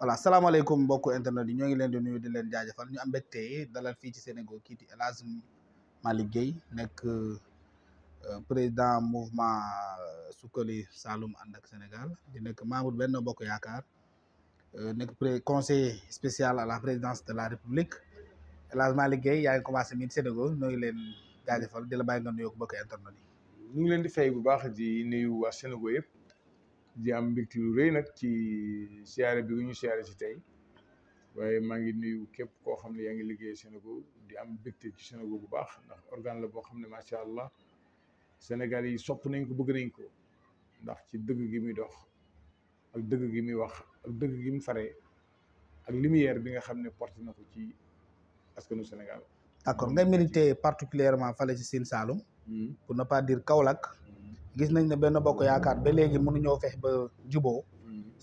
voilà salaamaaleykum mbokku internet yi ñoo ngi leen di nuyu di leen jaajëfal ñu am mbégte dalal fii ci Sénégal kii di El Hadj Malick Guèye nekk euh, président mouvement euh, Suxali Saloum ànd ak Sénégal di nekk membre benn Bokk Yaakaar euh, nekk conseiller spécial à la présidence de la République El Hadj yaa ngi commencé miin Sénégal ñoo ngi leen jaajëfal di la bàyyi nga nuyoo mbokku internet yi. ñu ngi leen di fay bu baax di nuyu waa Sénégal yëpp. di am mbégte lu rëy nag ci siyaare bi ñu siyaare si tey waaye maa ngi nuyu képp koo xam ne yaa ngi liggéey Sénégo di am mbégte ci Sénégo bu baax ndax organe la boo xam ne macha allah Sénégal yi sopp nañ ko bëgg nañ ko ndax ci dëgg gi muy dox ak dëgg gi muy wax ak dëgg gi mu fare ak lumière bi nga xam ne porté na ko ci askanu Sénégal. d'accord ngay milité particulièrement fale ci Sine Saloum. Hmm. pour ne pas dire Kaolack. gis nañ ne benn bokk yaakaar ba léegi mënuñoo feex ba juboo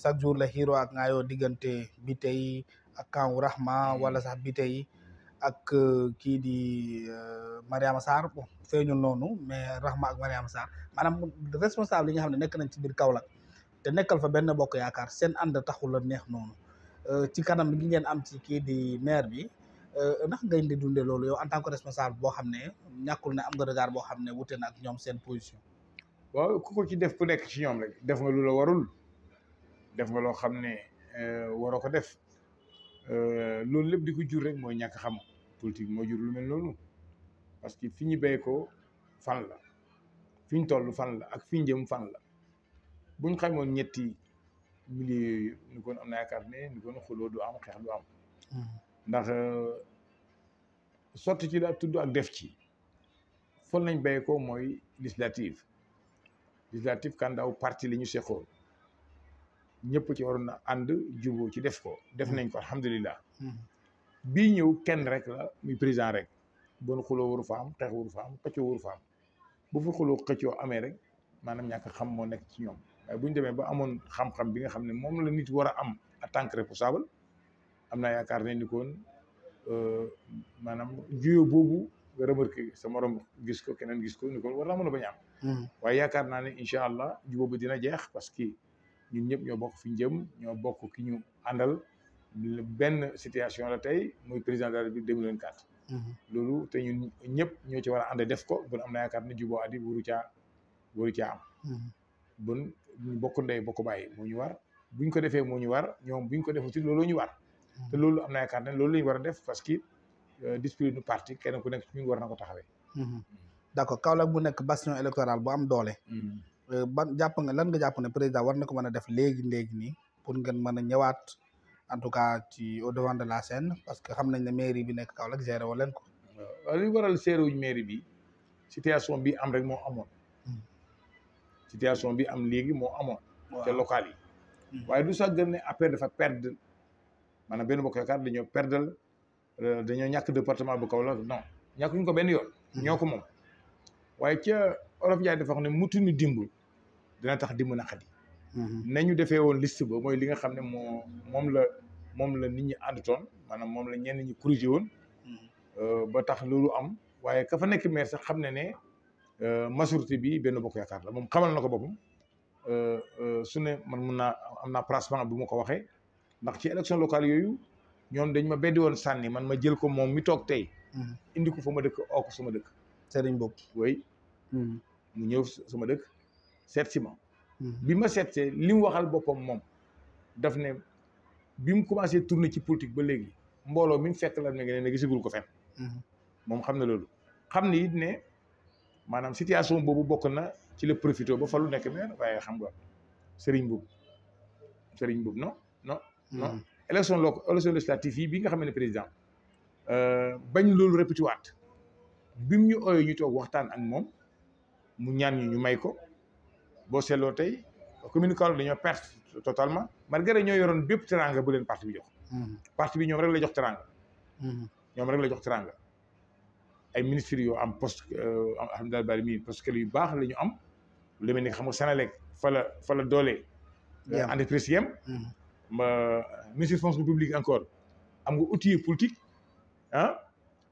chaque jour la xiiroo ak ngaayoo diggante bi tey ak Kaawu Rahma wala sax bi tey ak euh, kii di euh, Mariama Sarr bon feeñul noonu mais Rahma ak Mariama Sarr maanaam responsable yi nga xam ne nekk nañ ci biir Kaolack te nekkal fa benn bokk yaakaar seen ànd taxul la neex noonu euh, ci kanam gi ngeen am ci kii di maire bi nax ngay di dundee loolu yow en tant que responsable boo xam ne ñàkkul ne am nga regard boo xam ne wute na ñoom seen position. waaw ku ko ci def ku nekk ci ñoom rek def nga lu la warul def nga loo xam ne euh, waroo ko def euh, loolu lépp di ko jur rek mooy ñàkk xam politique moo jur lu mel noonu parce que fi ñu béy ko fan la fi ñu toll fan la ak fi ñu jëm fan la buñ xamoon ñetti milieu yooyu ni kon am na yaakaar ne ni kon xuloo du am xeex du am mm-hmm. ndax euh, sorti ci daa tudd ak def ci fon nañ béy ko mooy législative législative kàndaaw parti li ñu seqoon ñëpp ci waroon na ànd juboo ci def ko def mm. nañ ko alhamdulilah mm. bii ñëw kenn rek la muy président rek bon xuloo waru fa am xeex waru fa am xëccoo waru fa am bu fi xuloo amee rek maanaam ñàkk xam moo nekk ci ñoom waaye bu ñu demee ba amoon xam-xam bi nga xam ne moom la nit war a am en tant que am na yaakaar ne ni koon euh, maanaam juyoo boobu nga remarqué sa morom gis ko keneen gis ko ni koon war mën a bañ am Hmm. waaye yaakaar naa ne incha allah jubóo bi dina jeex parce que ñun ñëpp ñoo bokk fi ñu jëm ñoo bokk ki ñu àndal benn situation la tey muy président de la République 2024. Hmm. loolu te ñun ñëpp ñoo ci war a ànd def ko bon am na yaakaar ne jubóo addi waru caa waru caa am. Hmm. bon ñu bokk ndey bokk bàyyi moo ñu war buñ ko defee moo ñu war ñoom buñ ko defee ci loolu ñu war. te loolu am na loolu la war a def parce que euh, discipline du parti kenn ku nekk ci ñun war na ko taxawee. d'accord Kaolack bu nekk bastion électoral bu am doole. Mm. Euh, ban jàpp nga lan nga jàpp ne président war na ko mën a def léegi léegi nii pour ngeen mën a ñëwaat en tout cas ci au devant de la scène parce que xam nañ ne mairie bi nekk Kaolack géré wu leen ko. waaw li waral géré wuñ mairie bi situation bi am rek moo amoon. Mm. situation bi am léegi moo amoon. te local yi. Mm. waaye du sax gën ne affaire fa perdre maanaam benn bokk yaakaar dañoo perdre euh, dañoo ñàkk département bu Kaolack non ñàkkuñ ko benn yoon. ñoo ko moom. waaye ca Olof Njaay dafa xam ne mutuñu dimbul dina tax dimb naqadi mhm. nañu defee woon list ba mooy li nga xam ne moo moom la moom la nit ñi àndutoon maanaam moom la ñenn ñi corrigé woon mhm. euh, ba tax loolu am waaye ka fa nekk maire sax xam ne ne euh, majorité bi benn bokk yaakaar la moom xamal na ko boppam euh, su ne man mun naa am naa placement bu ma ko waxee ndax ci élection locale yooyu ñoom dañ ma beddi woon sànni man ma jël ko moom mi toog tey mhm. indi ko fa ma dëkk oo ko dëkk sëriñ boobu way mu ñëw sama dëkk seet si ma hmm. bi ma seetsee li mu waxal boppam moom daf ne bi mu commencé tourner ci politique ba léegi mbooloo mi mu fekk la ne ne gisagul ko fen hmm. moom xam na loolu xam ni it ne maanaam situation boobu bokk na ci la profité ba fa lu nekk maire waaye xam nga sëriñ boobu sëriñ boobu non non non hmm. élection locale élection législative yi bi nga xam ne président euh, bañ loolu répété waat bim ñu ooyee ñu toog waxtaan ak moom mu ñaan ñu ñu may ko boo seeloo tey commune Kaolack dañoo perte totalement malgré ñoo yoroon bépp teranga bu leen parti bi jox. Mm-hmm. parti bi ñoom rek la jox teranga. Mm-hmm. ñoom rek la jox teranga ay ministres yoo am post am daal bari mi poste euh, yu baax la ñu am lu mel ni xam nga Sénélec fa fala fa doole. Euh, entreprise yem. Mm-hmm. ma ministre fonction publique encore am nga outil politique ah.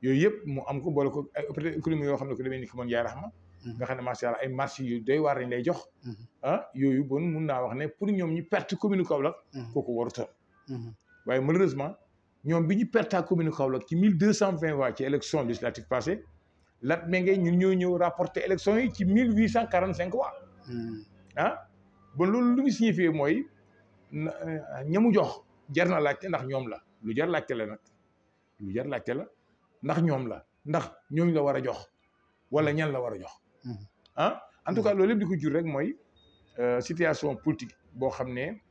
yooyu yëpp mu am ko boole ko ay opérateur économique yoo xam ne ko demee ni ko mën jaay raxma mhm. nga xam ne macha allah ay marché yu doy waar lañ lay jox mhm. ah yooyu bon mun naa wax ne pour ñoom ñu perte commune Kaolack mhm. kooku warutoon waaye malheureusement ñoom bi ñu perte à commune Kaolack ci mille deux cent vingt voix ci élection législative passée Lat Mingué ñun ñoo ñëw rapporté élection yi ci mille huit cent quarante cinq voix ah bon loolu lu mu signifié mooy euh, ñamu jox jar na laajte ndax ñoom la lu jar laajte la nag lu jar laajte la ndax ñoom la ndax ñooñu la war a jox wala ñaan la war a jox hmm. ah en tout cas loolu lépp di ko jur rek mooy euh, situation politique boo xam ne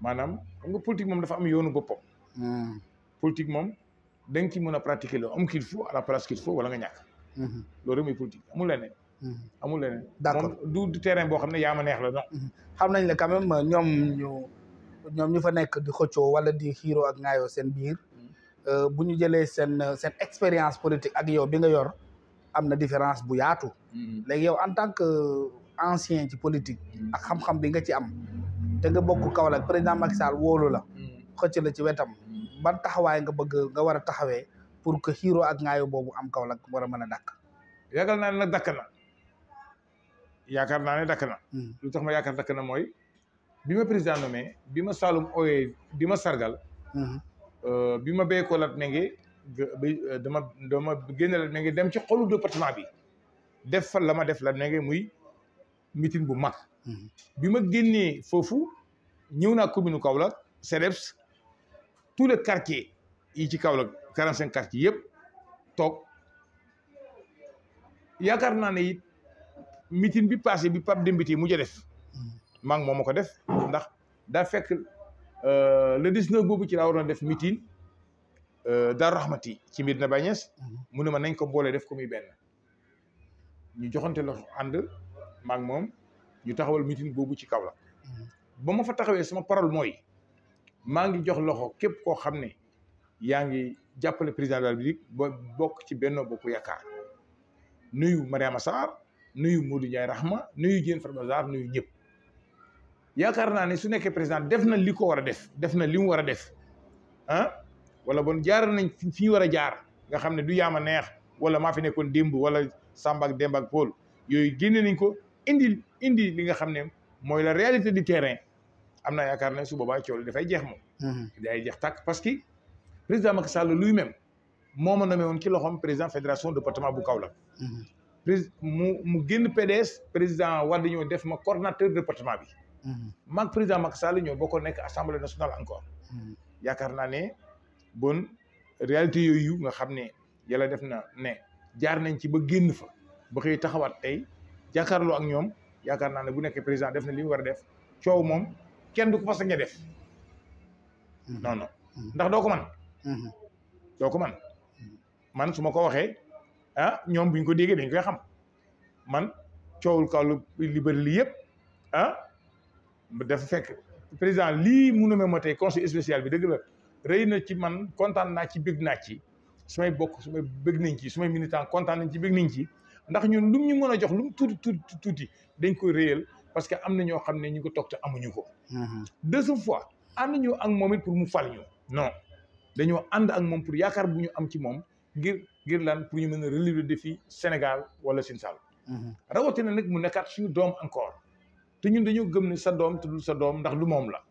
maanaam xam nga politique moom dafa am yoonu boppam hmm. politique moom da nga ci mën a pratiquer le homme qu'il la place qu'il faut wala nga ñàkk hmm. loolu rek mooy politique amul leneen amul leneen d'accord moom du terrain boo xam ne yaa ma neex la non xam nañ la quand même ñoom ñu ñoom ñu fa nekk di xëccoo wala di xiiroo ak ŋaayoo seen biir Euh, bu ñu jëlee seen seen expérience politique ak yow bi nga yor am na différence bu yaatu. Mm-hmm. léegi yow en tant que ancien ci politique. Mm-hmm. ak xam-xam bi nga ci am. te nga bokk Kaolack président Macky Sall woolu la. Mm-hmm. xëcc la ci wetam. ba taxawaay nga bëgg nga war a taxawee pour que xiiroo ak ngaayo boobu am Kaolack war a mën a dakk yaakaar naa ne nag dakk na yaakaar naa ne dakk na. lu tax ma yaakaar dakk na mooy bi ma président nommé bi ma saalum ooyee di ma sargal. Euh, bi ma béykoo lat ne ngi euh, dama dama génne lat ne ngi dem ci xolu département bi def fa la ma def la ne muy mitin bu mag mhm. bi ma génnee foofu ñëw naa commune Kaolack CDEPS tout le quartiers yi ci Kaolack quarante cinq quartiers yëpp toog yaakaar naa ne it mitin bi passé bi Pape Demba Bitèye mu mujj def mhm. maa moom ma ko def ndax daa fekk Euh, le 19 boobu ci laa waroon def meeting euh, Daaru Rahmati ci Médina Baye Niass mhm. mu ne ma nañ ko boole def ko muy benn ñu joxante loxo ànd maak moom ñu taxawal meeting boobu ci Kaolack mhm. ba ma fa taxawee suma parole mooy maa ngi jox loxo képp koo xam ne yaa ngi jàppale président de la République bokk ci Benno bokku Yaakaar nuyu a Sarr nuyu Modou Ndiaye Rahma nuyu Diène Farba Sarr nuyu ñëpp yaakaar naa ne su nekkee président def na li ko war a def def na li mu war a def ah wala bon jaar nañ fi ñu war a jaar nga xam ne du yaam a neex wala maa fi nekkoon démb wala Samba ak Demba ak Paul yooyu génne nañ ko indi indi li nga xam ne mooy la réalité du terrain am naa yaakaar ne su boobaa coow dafay jeex moom. Mm-hmm. day jeex tàkk parce que président Macky Sall lui-même moo ma nommé woon ci loxoom président fédération département bu Kaolack. Mm-hmm. mu mu génn PDS président war dañoo def ma coordonnateur département bi. Mm-hmm. maag président Macky Sall ñoo bokkoon nekk assemblée nationale encore. Mm-hmm. yaakaar naa ne bon réalité yooyu nga xam ne yàlla def na ne jaar nañ ci ba génn fa ba xëy taxawaat tey jàkkaarloo ak ñoom yaakaar naa ne bu nekkee président def na limu war a def coow moom kenn du ko fas nga def. Mm-hmm. non non ndax doo man doo man man su ma ko waxee ah ñoom buñ ko déggee dañ koy xam man coowul kaw lu li bëri li yëpp ah, dafa fekk président lii mu nommé ma tey conseil spécial bi dëgg la rëy na ci man kontaan naa ci bëgg naa ci su may bokk su may bëgg nañ ci su may militant kontaan nañ ci bëgg nañ ci ndax ñun lu ñu mën a jox lu mu tuuti tuuti tuuti dañ koy réyal parce que am na ñoo xam ne ñu ko toog te amuñu ko. Mm-hmm. deuxième fois ànd ñu ak moom it pour mu fal ñu. non dañoo ànd ak moom pour yaakaar bu ñu am ci moom ngir ngir lan pour ñu mën a relever défi Sénégal wala Sine Saloum. Mm-hmm. rawatina nag mu nekkaat suñu doom encore. te ñun dañoo gëm ne sa doom tudd sa doom ndax lu moom la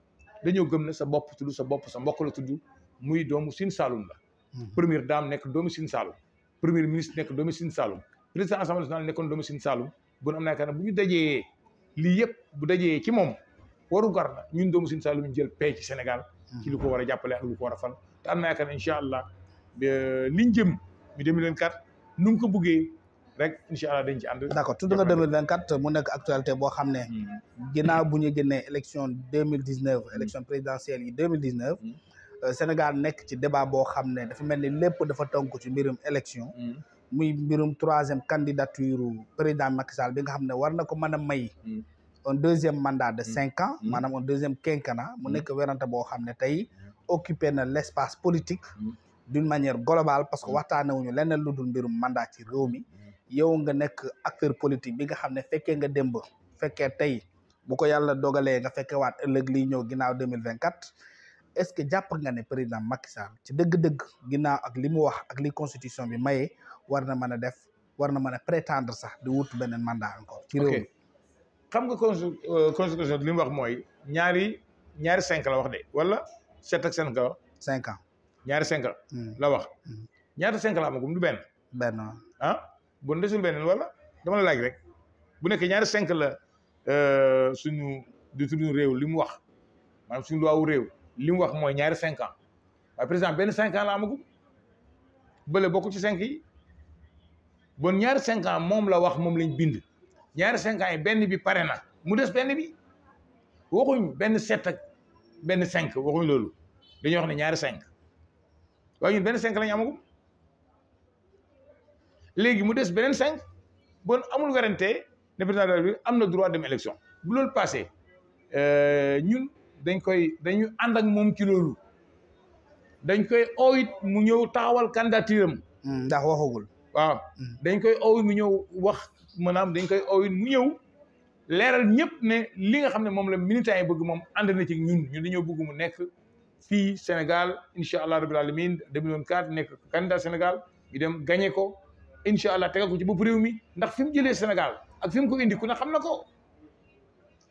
dañoo gëm ne sa bopp tudd sa bopp sa mbokk la tudd muy doomu Sine Saloum la. Hmm. premier dame nekk doomu Sine Saloum. premier ministre nekk doomu Sine saalum président assemblée nationale nekkoon doomu Sine Saloum bu am bu ñu dajee lii yëpp bu dajee ci moom waru gar na ñun doomu Sine Saloum jël paix ci Sénégal. Hmm. ci lu ko war a jàppale ak lu ko war a fal te am naa yaakaar ne incha allah euh, liñ jëm mi 2024 nu mu ko buggee rek incha allah dañ ci ànd. d' accord tudd nga mu nekk actualité boo xam ne. Hmm. ginnaaw bu ñu génnee élection 2019. Hmm. élection présidentielle yi 2019. Hmm. Euh, Sénégal nekk ci débat boo xam ne dafa mel ni lépp dafa tënk ci mbirum élection. muy mbirum troisième candidature président Macky Sall bi nga xam ne war na ko mën a may. un deuxième mandat de cinq ans. maanaam un deuxième quinquennat mu nekk werante boo xam ne tey occupé na l' espace politique. d' une manière globale parce que waxtaanewuñu leneen lu dul mbirum mandat ci réew mi. yow nga nekk acteur politique bi nga xam ne fekkee nga démb fekkee tey bu ko yàlla dogalee nga fekkee waat ëllëg lii ñëw ginnaaw deux mille vingt quatre est ce que jàpp nga ne président Macky Sall ci dëgg-dëgg ginnaaw ak li mu wax ak li constitution bi maye war na mën a def war na mën a prétendre sax di wut beneen mandat encore. ci xam nga euh, constitution li mu wax mooy ñaari ñaari cinq la wax de wala sept ak cinq la cinq ans ñaari cinq la hmm. wax. Hmm. ñaata cinq la amagum du benn. benn ah? bon desul beneen wala dama la laaj rek bu nekk ñaari cinq la euh, suñu di suñu réew li mu wax maanaam suñu loi wu réew li mu wax mooy ñaari cinq ans waaye président benn cinq ans la amagum bële bokk ci cinq yi bon ñaari cinq moom la wax moom lañ bind ñaari cinq ans yi benn bi pare na mu des benn bi waxuñ benn sept ak benn cinq waxuñ loolu dañuy wax ne ñaari cinq waaye ñun benn cinq lañ amagum léegi mu des beneen cinq bon amul werante ne président de am na droit dem élection bu loolu passé euh, ñun dañ koy dañu ànd ak moom ci dañ koy owit mu ñëw taawal candidature hmm, ndax waxagul waaw hmm. dañ koy owit mu ñëw wax maanaam dañ koy owit mu ñëw leeral ñëpp ne li nga xam ne moom la militant yi bëgg moom ànd na ci ñun ñun dañoo bëgg mu nekk fii Sénégal incha allah rabbil alamin 2024 nekk candidat Sénégal ñu dem gagné ko incha allah tegal ku ci bopp réew mi ndax fi mu jëlee Sénégal ak fi mu indi ku ne xam na ko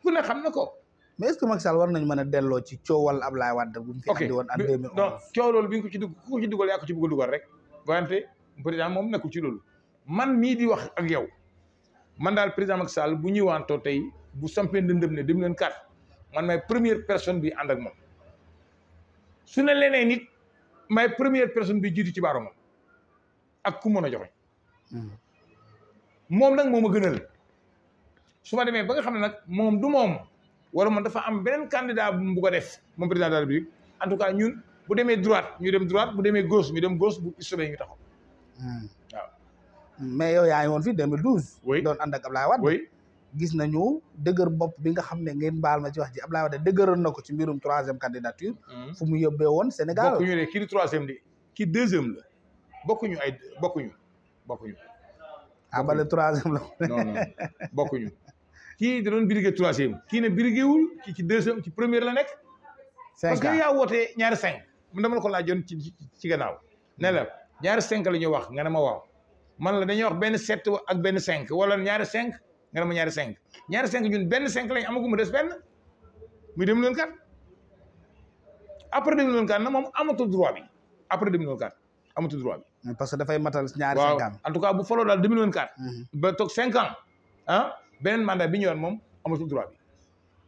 ku ne xam na ko. mais est-ce que Macky war nañ mën a delloo ci coowal Ablaye Wade bu mu fi andi woon en ok non coow bi nga ko ci dugg ku ko ci dugal yaa ko ci bëgg a dugal rek. wante président moom nekkul ci loolu man mii di wax ak yow man daal président Macky Sall bu ñëwaantoo tey bu sampee ndëndëm ne 2004 man may première personne bi ànd ak moom su ne leneen nit may première personne bi jiitu ci baaro ak ku mën moom nag moom a gënal su ma demee ba nga xam ne nag moom du moom wala moom dafa am beneen candidat bu ko def moom président a la en tout cas ñun bu demee droite ñu dem droite bu demee gauche ñu dem gauche bu sobee ñu taxaw. Hmm. mais yow yaa ngi woon fii 2012. oui doon ànd ak Ablaye Wade. oui gis nañu dëgër bopp bi nga xam ne ngeen baal ma ci wax ji Ablaye Wade dëgëroon na ko ci mbirum troisième candidature. Hmm. fu mu yóbbee woon Sénégal bokkuñu ne kii di troisième di kii deuxième la bokkuñu ay bokkuñu. bokkuñu. abale ah, troisième la. non non bokkuñu kii da doon briguer troisième kii ne briguer wul ci deuxième ci première la nekk. cinq parce que yow yaa wootee ñaari cinq mun dama la ko laa laajoon ci ci gannaaw ne la ñaari cinq la ñu wax nga ne ma waaw man la dañuy wax benn sept ak benn cinq wala ñaari cinq nga ne ma ñaari cinq ñaari cinq ñun benn cinq lañ amagu mu des benn muy dem leen kat après dem leen kat na moom amatu droit bi après dem leen kat amatu droit bi. parce que dafay matal ñaari cinq ans en tout cas bu faloo daal 2024. Mhm. ba toog cinq ans ah, bi ñëwoon moom amatul droit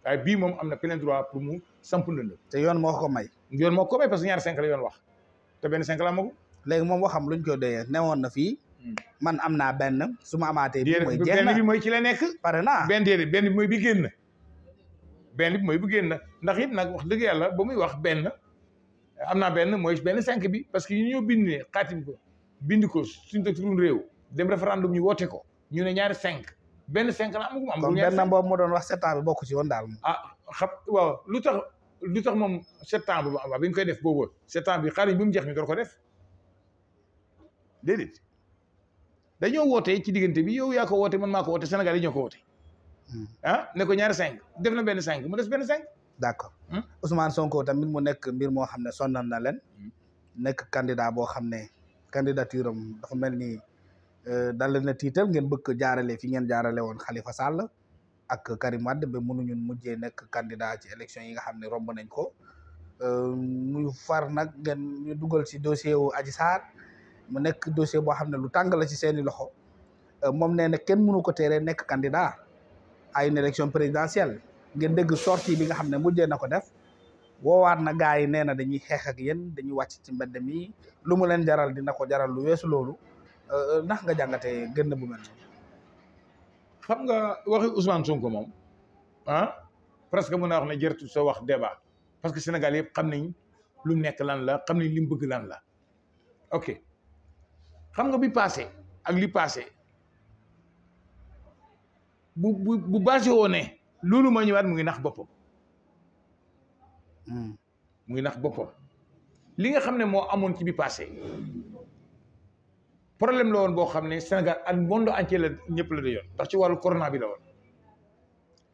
bi bii moom am na plein droit pour mu samp ndënd te yoon moo ko may yoon moo ko may cinq la yoon wax te benn cinq la amagu léegi moom waxam luñ ko doyee newoon na fii hmm. man am naa benn su ma amaatee bi mooy jeex bi mooy ci la nekk pare naa benn benn bi mooy bi génn benn bi mooy bu génn ndax it nag wax dëgg yàlla ba muy wax benn am naa benn mooy benn cinq bi parce que ñu ñoo bind ne xaatim ko bind ko suñ ko suñu réew dem référendum ñu woote ko ñu ne ñaari cinq benn cinq la amagu am. ñaari benn boobu moo doon wax septembre bokku ci woon daal. ah xam waaw lu tax lu tax moom septembre waaw bi ñu koy def boobu septembre bi xaaruñ bi mu jeex ñu door ko def déedéet dañoo woote ci diggante bi yow yaa ko woote man maa ko woote Sénégal yi ñoo ko woote. Hmm. ah ne ñaari cinq def na benn cinq mu des benn cinq. d' accord hmm? Ousmane Sonko tamit mu nekk mbir moo xam ne sonal na leen. Hmm. nekk candidat boo xam ne. candidature am dafa mel ni euh, dal na tiital ngeen bëgg jaarale fi ngeen jaarale woon Khalifa Sall ak Karim Wade ba mënuñu mujjee nekk candidat ci élection yi nga xam ne romb nañ ko muy euh, far nag ngeen ñu dugal ci dossier wu aji Sarr mu nekk dossier boo xam ne lu tàng la ci seeni loxo euh, moom nee na kenn mënu ko teree nekk candidat à une élection présidentielle ngeen dégg sortie bi nga xam ne mujje na ko def woowaat na gaa yi nee na dañuy xeex ak yéen dañuy wàcc ci mbedd mi lu mu leen jaral dina ko jaral lu weesu loolu euh, euh, ndax nga jàngate gën na bu mel xam nga waxi Ousmane Sonko moom ah presque mën naa wax ne jërëtu sa wax débat parce que Sénégal yëpp xam nañ lu nekk lan la xam nañ li mu bëgg lan la ok xam nga bi passé ak li passé bu bu bu basé woon ne loolu ma ñëwaat mu ngi nax boppam. Hmm. muy nax boppam li nga xam ne moo amoon ci bi passé problème la woon boo xam ne Sénégal ak monde entier la ñëpp la da yoon ndax ci wàllu corona bi la woon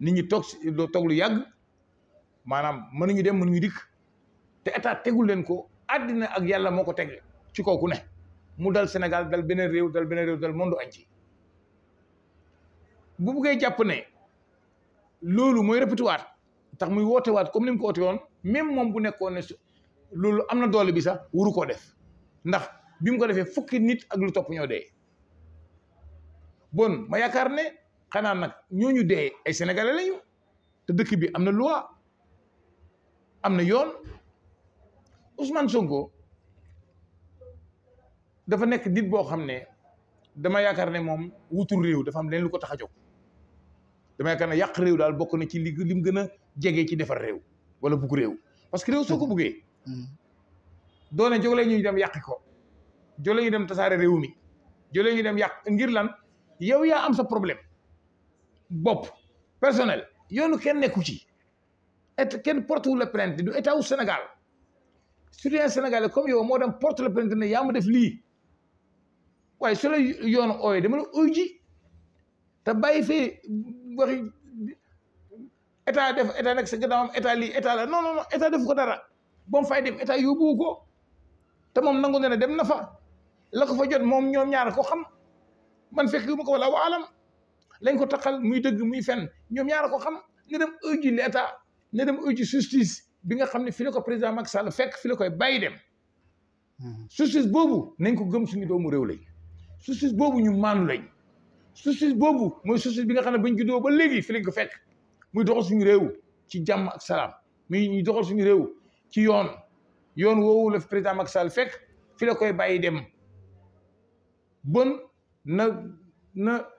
nit ñi toog doo toog lu yàgg maanaam mënuñu dem mënuñu dikk te état tegul leen ko àddina ak yàlla moo ko teg ci kooku ne mu dal Sénégal dal beneen réew dal beneen réew dal monde entier bu buggee jàpp ne loolu mooy répétuwaat tax muy woote waat comme ni mu ko woote woon même moom bu nekkoon ne loolu am na doole bi sax wuru koo def ndax bi mu ko defee fukki nit ak lu topp ñoo dee bon ma yaakaar ne xanaa nag ñooñu dee ay sénégalais lañu te dëkk bi am na loi am na yoon Ousmane Sonko dafa nekk nit boo xam ne dama yaakaar ne moom wutul réew dafa am leen lu ko tax a jóg dama yaakaar ne yàq réew daal bokk na ci li lim gën a jege ci defar réew wala bugg réew parce que réew soo ko mm. buggee mm. doone jóglee ñuy dem yàq ko jóglee ñu dem tasaare réew mi jóglee ñu dem yàq ngir lan yow yaa am sa problème bopp personnel yoonu kenn nekku ci et kenn porte wu la plainte du état wu Sénégal citoyen sénégalais comme yow moo dem porte la plainte ne yaa ma def lii waaye su la yoonu ooyee dama la uy ji fee état def état nekk sa gannaawam état lii état la non non non état defu ko dara ba mu fay dem état yóbbuwu ko te moom nangu na ne dem na fa la ko fa jot moom ñoom ñaar ko xam man fekk ma ko wala waalam lañ ko taxal muy dëgg muy fen ñoom ñaar ko xam ne dem uji l'état ne dem uji justice bi nga xam ne fi la ko président Macky Sall fekk fi la koy bàyyi dem hmm. justice boobu nañ ko gëm suñu mu réew lañ justice boobu ñu maandu lañ justice boobu mooy justice bi nga xam ne bañ juddoo ba léegi fi lañ ko fekk muy doxal suñu réew ci jàmm ak salaam muy ñuy doxal suñu réew ci yoon yoon woowu la président Macky Sall fekk fi la koy bàyyi dem bon na na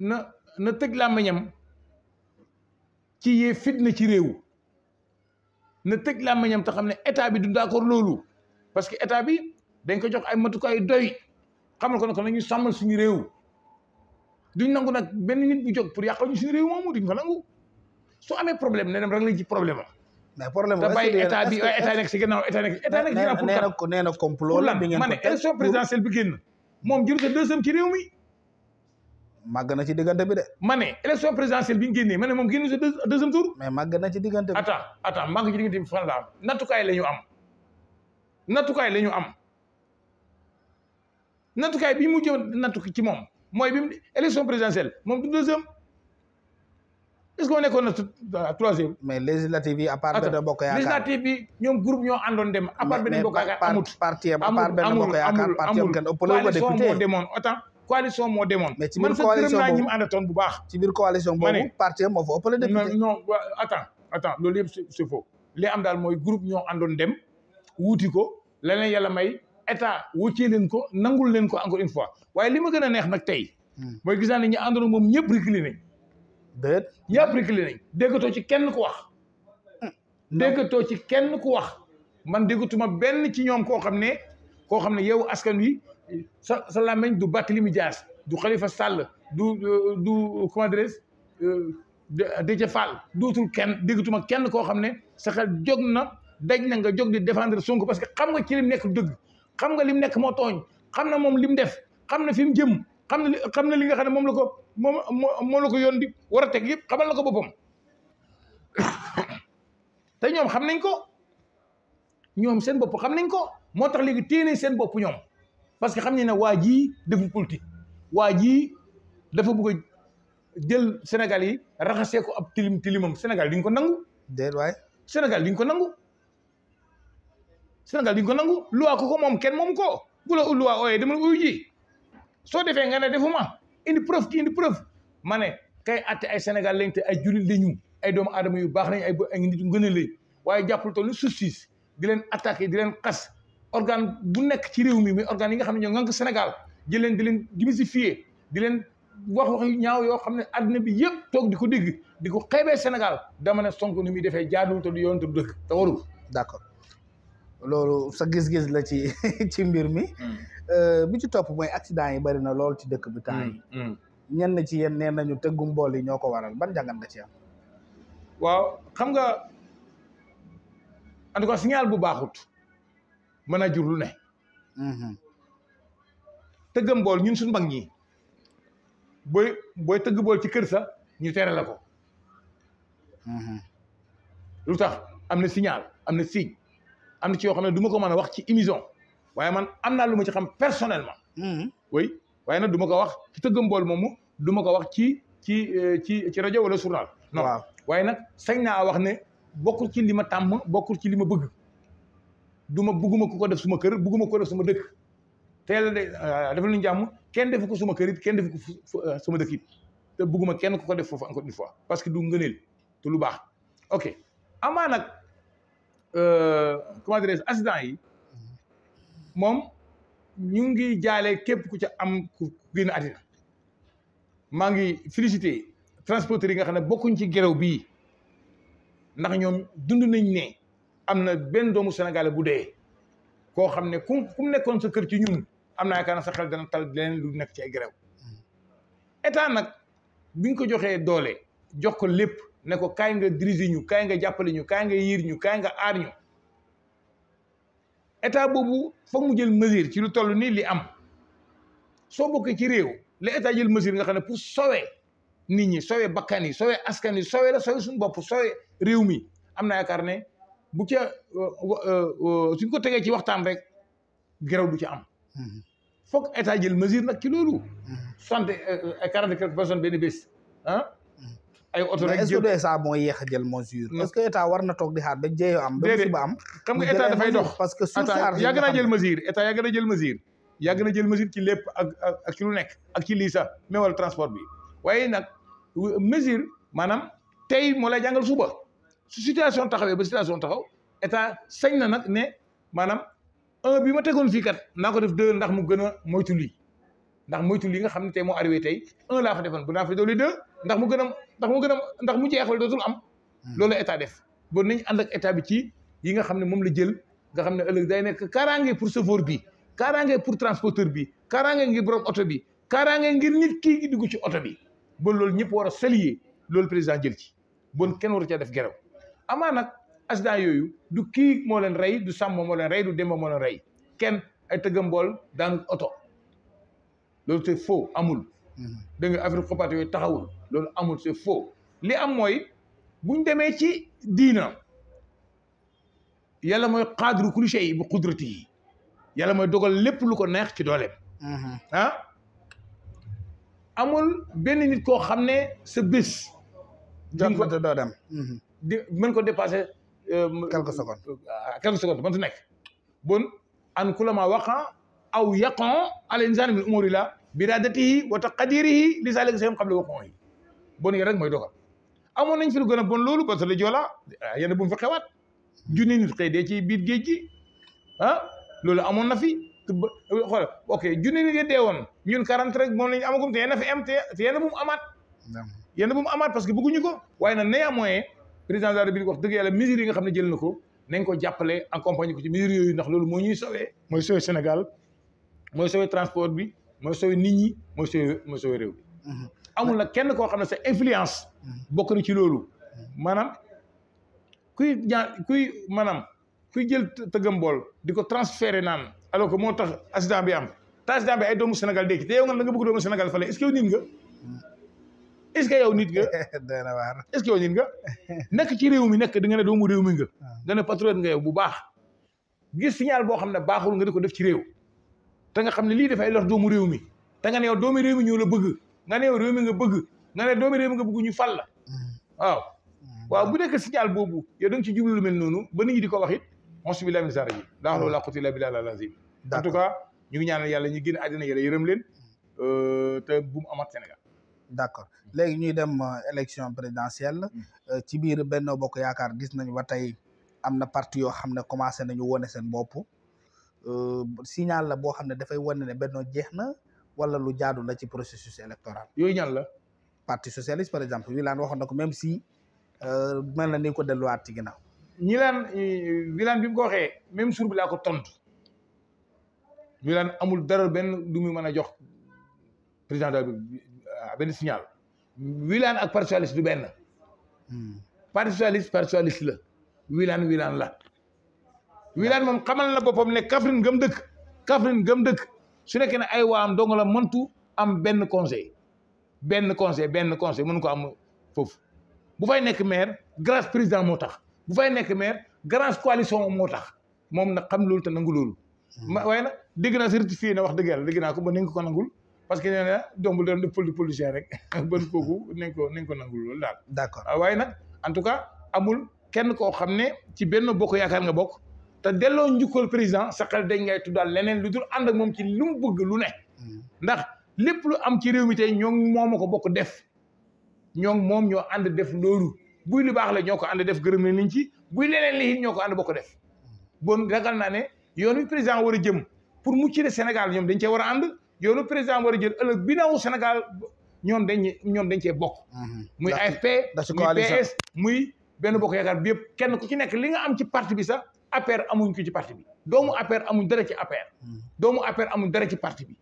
na na tëj làmmiñam ci yee fitna ci réew na tëj làmmiñam te xam ne état bi du d'accord loolu parce que état bi dañ ko jox ay matukaay doy xamal ko ne ko nañu sàmmal suñu réew duñ nangu nag benn nit bu jóg pour yàqal ñu suñu réew moomu duñ ko nangu su amee problème nee na rek la ji problème am. mais problème te bàyyi état bi état nekk élection présidentielle bi génn moom jël ko deuxième ci réew mi. màgg na ci diggante bi de. ma ne élection présidentielle bi ñu génnee ma ne moom génn si deuxième tour. mais màgg na ci diggante bi. attends attends màgg ci diggante bi la nattukaay la ñu am nattukaay la am nattukaay bi mu jëm nattu ci moom mooy bi élection présidentielle moom du deuxième. est-ce que nekkoon na euh, troisième. mais législative yi à part benn bokk yaakaar législative yi ñoom groupe ñoo àndoon dem. à benn bokk yaakaar amut parti am benn bokk yaakaar parti am wu ko député coalition moo demoon autant coalition moo demoon. mais ci biir coalition boobu man sax gërëm naa ñi mu àndatoon loolu yëpp c'est faux li am daal mooy groupe ñoo àndoon dem wuuti ko la leen may état wóccee leen ko nangul leen ko encore une fois waaye li ma gën a neex nag tey. Hmm. mooy gis naa ne ñëpp déet yëpp reculé nañ ci kenn ku wax hmm. déggatoo ci kenn ku wax man déggatuma benn ci ñoom koo xam ne koo xam ne yow askan wi sa sa làmmiñ du Barthélémy Dias du Khalifa Sall du euh, du comment dirais-je euh, Déthié Fall dootul kenn déggatuma kenn koo xam ne sa xel jóg na daj na nga jóg di défendre Sonko parce que xam nga ci lim nekk dëgg xam nga lim nekk moo tooñ xam na moom lim def xam na fi mu jëm xam na xam na li nga xam ne moom la ko moom moom la ko yoon di war a teg yëpp xamal ko boppam te ñoom xam nañ ko ñoom seen bopp xam nañ ko moo tax léegi téene seen bopp ñoom parce que xam nañ na waa jii defu politique waa jii dafa bëgg a jël Sénégal yi raxasee ko ab tilim tilimam Sénégal duñ ko nangu. déedéet waay Sénégal duñ ko nangu. Sénégal duñ ko nangu luwaa ko ko moom kenn moom ko bu la luwaa ooyee dama uyu ji. soo defee nga ne defuma indi preuve ki indi preuve ma ne kay atte ay Sénégal lañ te ay jullit lañu ay doomu aadama yu baax lañ ay ay nit ngën a lañ waaye jàppul toll ni justice di leen attaqué di leen xas organ bu nekk ci réew mi muy organe yi nga xam ne ñoo ngànk Sénégal jël leen di leen démystifier di leen wax wax ñaaw yoo xam ne àddina bi yëpp toog di ko dégg di ko xeebee Sénégal dama ne Sonko ni muy defee jaaduwul te du yoon te du dëkk te warul loolu sa gis-gis la ci ci mbir mi mm. euh, bi ci topp mooy accident yi bari na lool ci dëkk bi temps yi mm, mm. ñenn ci yéen nee nañu tëggum bool yi ñoo ko waral ban jàngat nga ci am waaw xam nga en tout cas bu baaxut mën a jur lu ne mm-hmm. tëggam bool ñun suñ mag ñi booy booy tëgg bool ci kër sa ñu tere la ko mm-hmm. lu tax am na signal am na signe am na ci yoo xam ne duma ko mën a wax ci émission waaye man am na lu ma ci xam personnellement. Hmm. oui waaye nag du ma ko wax ci tëggam moomu du ko wax ci ci euh, ci ci rajo wala journal. non waaye nag sañ naa wax ne bokkul ci li ma tàmm bokkul ci li ma bëgg du ma bëgguma ku ko def suma kër bëgguma ko def suma dëkk te yàlla de euh, defal nañu jàmm kenn defu ko suma kër it kenn defu ko euh, suma dëkk it te bëgguma kenn ku ko def foofu encore une fois parce que du ngëneel te lu baax ok amaa nag. Euh, comment dirais yi moom ñu ngi jaale képp ku ca am ku génn àddina maa ngi félicité transporteurs yi nga xam ne bokkuñ ci gerew bii ndax ñoom dund nañ ne am na benn doomu Sénégal bu dee koo xam ne ku ku nekkoon sa kër ci ñun am naa yaakaar sa xel dana tal leneen lu nekk ci ay gerew mm. état nag bi ñu ko joxee doole jox ko lépp ne ko kaay nga diriger ñu kaay nga jàppale ñu kaay nga yiir ñu kaay nga aar ñu état boobu foog mu jël mesure ci lu toll nii li am soo bokkee ci réew la état jël mesure nga xam ne pour sauver nit ñi sauver bakkani yi sauver askan yi sauver la suñu bopp sauver réew mi am na yaakaar ne bu ca euh, euh, euh, suñ ko tegee ci waxtaan rek geraw bu ci am mhm. foog état jël mesure nag ci loolu mhm. soixante quarante quelques personnes benn bés ay oto rek est-ce que état moo yéex que état war na toog di xaar ba jéeyo am ba musiba am xam nga état dafay dox parce que surcharge yàgg naa jël mesure état yàgg na jël mesure yàgg na jël mesure ci lépp ak ak nekk ak ci lii sax mais wala transport bi waaye nag mesure maanaam tey moo lay jàngal suba su situation taxawee ba situation taxaw état sañ na nag ne maanaam un bi ma tegoon fii kat naa ko def deux ndax mu gën a moytu lii ndax moytu lii nga xam ne tey moo arrivé tey un laa fa defoon bu naa fa ndax mu gën a ndax mu gën a ndax mu jeexal dootul am hmm. loolu la état def bon nañ ànd état bi ci yi nga xam ne moom la jël nga xam ne ëllëg day nekk kaaraange pour chauffeur bi kaaraange pour transporteur bi kaaraange ngir borom oto bi kaaraange ngir nit kii dugg ci oto bi ba loolu ñëpp war a salier loolu président jël ci bon kenn war a caa def gerew amaa nag accident yooyu du kii moo leen rey du sàmm moo leen rey du demba moo leen rey kenn ay mbool daan oto loolu te faux amul hmm. da nga affaire coopérative yooyu taxawul loolu amul c'est faux li am mooy buñ demee ci diina yàlla mooy xaadru kulli yi bu xudrati yi mooy dogal lépp lu ko neex ci dooleem mhm. ah amul benn nit koo xam ne sa bés jot ko doo dem mhm. di mën ko dépassé euh, quelques secondes ah, quelques secondes mënta nekk bon an kulama waqa aw yaqon al insaan min umuri la biradatihi wa taqdirihi li saalika seen xam le waqon yi bon yi rek mooy doxal amoon nañ fi lu gën a bon loolu parce que le Joola ah, yéen bu mu fa xewaat junni nit xëy dee ci biir géej gi ah loolu amoon na fi xool ok junni nit ya dee woon ñun 40 rek moom lañ a am te yéen bu mu amaat. bu mu amaat parce que bëgguñu ko. waaye nag néanmoins président de la République wax dëgg yàlla mesures yi nga xam ne jël na ko nañ ko jàppale accompagner ko ci mesures yooyu ndax loolu moo ñuy sauver mooy sauver Sénégal mooy sauver transport bi mooy sauver nit ñi mooy sauver réew amul na kenn koo xam ne sa influence bokk na ci loolu maanaam kuy jaan kuy maanaam kuy jël tëggam bool di ko transféré naan aloo que moo tax accident bi am te accident bi ay doomu Sénégal dégg te yow nga nga bëgg doomu Sénégal fale est nit nga est-ce que yow nit nga est-ce nga nekk ci réew mi nekk di nga ne doomu réew mi nga ah. nga ne patriote nga yow bu baax gis signal boo xam ne baaxul nga di ko def ci réew te nga xam ne lii dafay lor doomu réew mi te nga ne yow doomu réew mi ñoo la bëgg nga ne yow réew mi nga bëgg nga ne doomi réew mi nga bëgg ñu fal la mm. waaw mm. waaw bu nekk signal boobu yow da ci jublu lu mel noonu ba nit ñi di ko wax it mosu bi lamin sarr ji mm. laa xawla wala quwwata illa billahi al-azim en tout cas ñu ngi ñaanal yàlla ñu génn àddina yàlla yërëm leen euh, te bu mu d' accord léegi ñuy dem euh, élection présidentielle euh, ci biir Benno Bokk Yaakaar gis nañu ba tey am na parti yoo xam ne commencé nañu wone seen bopp signal la boo xam ne dafay wane ne Benno jeex na wala lu jaadu la ci processus électoral. yooyu ñan la. parti socialiste par exemple Wilane waxoon na ko même si euh, mel na ni ko delluwaat ci ginnaaw. ñi laan bi mu ko waxee même jour bi laa ko tontu Wilane amul dara benn du muy mën a jox président daal euh, benn signal. Wilane ak parti socialiste benn. Hmm. parti socialiste parti socialiste la. Wilane Wilane la. Wilane moom xamal na boppam ne Kaffrine gëm dëkk. Kaffrine gëm dëkk. su nekkee na ay waam dong la mëntu am benn conseil benn conseil benn conseil mënu ko am foofu bu fay nekk maire grâce président moo tax bu fay nekk maire grâce coalition moo tax moom nag xam loolu te nangu loolu. Hmm. waaye nag dégg naa certifié na wax dëgg yàlla dégg naa ko ba ni nga ko nangul parce que nee na dombul doon def politicien rek ban kooku nañ ko nañ ko nangul loolu daal. d'accord waaye nag en tout cas amul kenn koo xam ne ci benn bokk yaakaar nga bokk. te delloo njukkal président sa xel dañ ngay tuddaal leneen lu dul ànd moom ci lu mu bëgg lu ne. Mm. ndax lépp lu am ci réew mi tey ñoo moom a ko bokk def ñoom moom ñoo ànd def loolu buy lu baax la ñoo ko ànd def gërëm nañ ci buy leneen li it ñoo ko ànd bokk def. Mm. bon ragal naa ne yoon wi président war a jëm pour mu ci de Sénégal ñoom dañ cee war a ànd yoonu président war a jël ëllëg nawu Sénégal ñoom dañ ñoom dañ cee bokk. Mm-hmm. muy AFP. muy PS muy benn bokk yaakaar bi yëpp kenn ku ci nekk li nga am ci parti bi sax. APR amuñ ko ci parti bi doomu APR amuñ dara ci APR doomu APR amuñ dara ci parti bi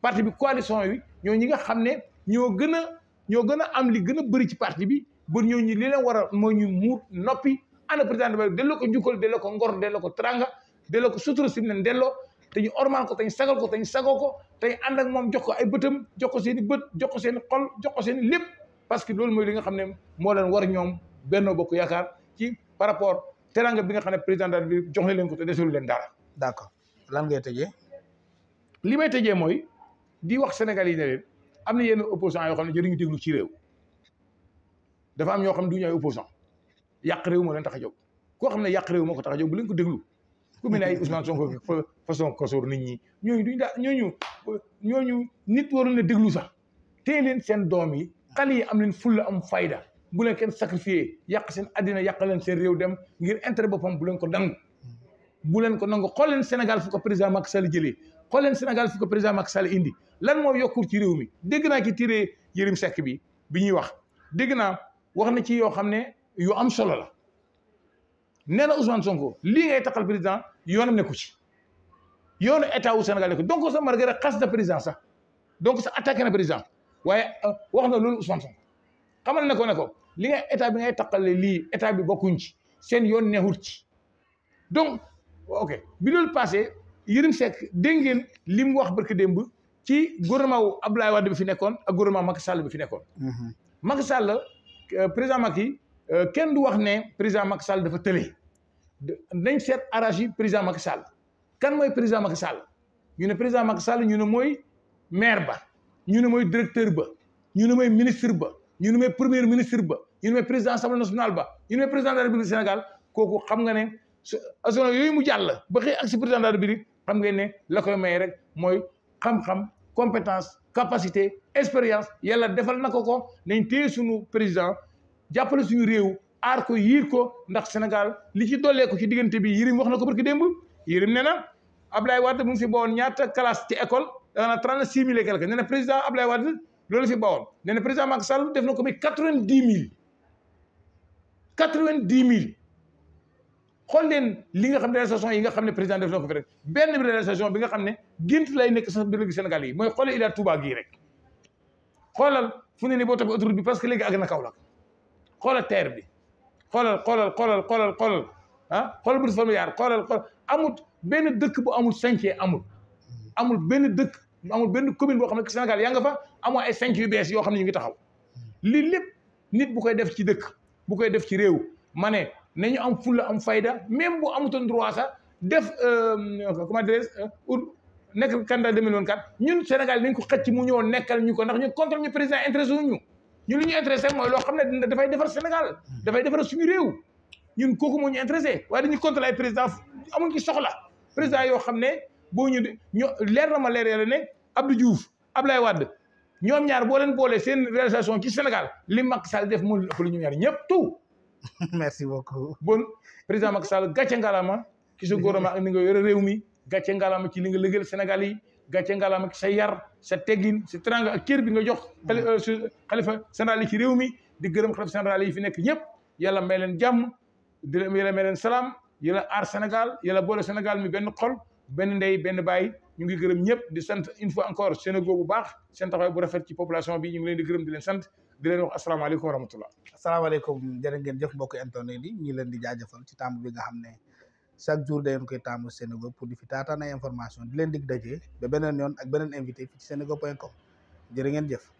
parti bi coalition yi ñoo ñi nga xam ne ñoo gën a ñoo gën a am li gën a bëri ci parti bi ba ñoo ñi li leen war a moo ñu muut noppi ana président de la delloo ko njukkal delloo ko ngor delloo ko tranga delloo ko sutura si leen delloo te ñu ormaan ko te ñu sagal ko te ñu sagoo ko te ñu ànd ak moom jox ko ay bëtam jox ko seen i bët jox ko seen i xol jox ko seen lépp parce que loolu mooy li nga xam ne moo leen war ñoom Benno Bokk Yaakaar ci par rapport teranga bi nga xam ne président de la jox na leen ko te desul leen dara. d'accord lan ngay tëjee. li may tëjee mooy di wax Sénégal yi ne leen am na yenn opposants yoo xam ne jëriñu déglu ci réew dafa am ñoo xam ne du ñu ay opposants yàq réew moo leen tax a jog koo xam ne yàq réew moo ko tax a bu leen ko déglu ku mel ne ay Ousmane Sonko façon soor nit ñi ñooñu duñ daa ñooñu ñooñu nit waroon na déglu sax te leen seen doom yi xale yi am leen fulla am fayda bu leen kenn sacrifié yàq seen addina yàq leen seen réew dem ngir intérêt boppam bu leen ko nangu bu leen ko nangu xool leen Sénégal fu ko président Macky Sall jëlee xool Sénégal fu ko président Macky Sall indi lan moo yokkul ci réew mi dégg naa ci tiré Yérim sekk bi bi ñuy wax dégg naa wax na ci yoo xam ne yoo am solo la nee na Ousmane Sonko lii ngay taxal président yoonam nekku ci yoonu état wu Sénégal nekku donc sa margara xas na président sax donc sa attaqué na président waaye euh, wax na loolu Ousmane Sonko xamal na ko ne ko li ngay état bi ngay taqale lii état bi bokkuñ ci seen yoon neexut ci donc ok bi loolu passé Yérim Seck dégg ngeen li mu wax barki démb ci gouvernement wu Abdoulaye Wade bi fi nekkoon a gouvernement Macky Sall bi fi nekkoon. Mhm. Macky Sall euh, président Macky euh, kenn du wax ne président Macky Sall dafa tële nañ seet arrage président Macky Sall kan mooy président Macky Sall ñu ne président Macky Sall ñu ne mooy maire ba ñu ne mooy directeur ba ñu ne mooy ministre ba. ñu nommé premier ministre ba ñu nommé président assemblée nationale ba ñu nommé président de la république Sénégal kooku xam nga ne asona yooyu mu jàll ba xëy ak si président de la république xam ngeen ne la koy may rek mooy xam-xam compétence capacité expérience yàlla defal na ko ko nañ téye suñu président jàppale suñu réew aar ko yiir ko ndax Sénégal li ci dollee ko ci diggante bi Yérim wax na ko barki démb Yérim nee na Ablaye Wade mu ngi fi bowoon ñaata classe ci école da na trente six mille et quelque nee na président Ablaye loolu fi bawoon nee na président Macky Sall def na ko muy quatre-vingt-dix mille quatre-vingt-dix mille xool leen li nga xam ne réalisation yi nga xam ne président def na ko rek benn réalisation bi nga xam ne gént lay nekk sax biir Sénégal yi mooy xoolee Ila Touba gii rek xoolal fu ne ni boo toppee autoroute bi parce que léegi ak na Kaolack xoolal terre bi xoolal xoolal xoolal xoolal xoolal ah xoolal bourse familiale xoolal xoolal amul benn dëkk bu amul ye amul amul benn dëkk amul benn commune boo xam ne Sénégal yaa nga fa amoo ay cinq yu bees yoo xam ne ñu ngi taxaw li lépp nit bu koy def ci dëkk bu koy def ci réew ma ne ñu am fulla am fayda même bu amutoon droit sax def euh, comment dirais je euh, nekk candidat 2024 ñun Sénégal nañ ko xëcc mu ñëw nekkal ñu ko ndax ñun contre ñu président intéressé wuñu ñun li ñu intéressé mooy loo xam ne dafay defar Sénégal dafay defar suñu réew ñun kooku moo ñu intéressé waaye dañuy contre ay président amuñ ci soxla président yoo xam ne boo ñu ñu leer na ma leer yàlla ne Abdou Diouf Ablaye Wade ñoom ñaar boo leen boolee seen réalisation ci Sénégal li Macky Sall def moo ëpp lu ñoom ñaar ñëpp tout. merci beaucoup. bon président Macky Sall gàcce ngalaama ci sa gouvernement ak ni nga yore réew mi gàcce ngalaama ci li nga lëgël Sénégal yi gàcce ngalaama ci sa yar sa teggin sa teranga ak cër bi nga jox. Mm. Euh, xalifa général yi ci réew mi di gërëm xalifa général yi fi nekk ñëpp yàlla may leen jàmm di yàlla may leen salaam yàlla aar Sénégal yala boole Sénégal mi benn xol benn ndey benn baay. ñu ngi gërëm ñëpp di sant une fois encore Senego bu baax seen taxawaay bu ci population bi ñu ngi leen di gërëm di leen sant di leen wax asalaamaaleykum wa rahmatullah asalaamaaleykum jërë ngeen jëf mbokk internet yi ñi leen di jaajëfal ci taamu bi nga xam ne chaque jour dañu koy taamu Senego pour di fi taataan ay information di leen dig daje ba beneen yoon ak beneen invité fii ci senego point com jërë ngeen jëf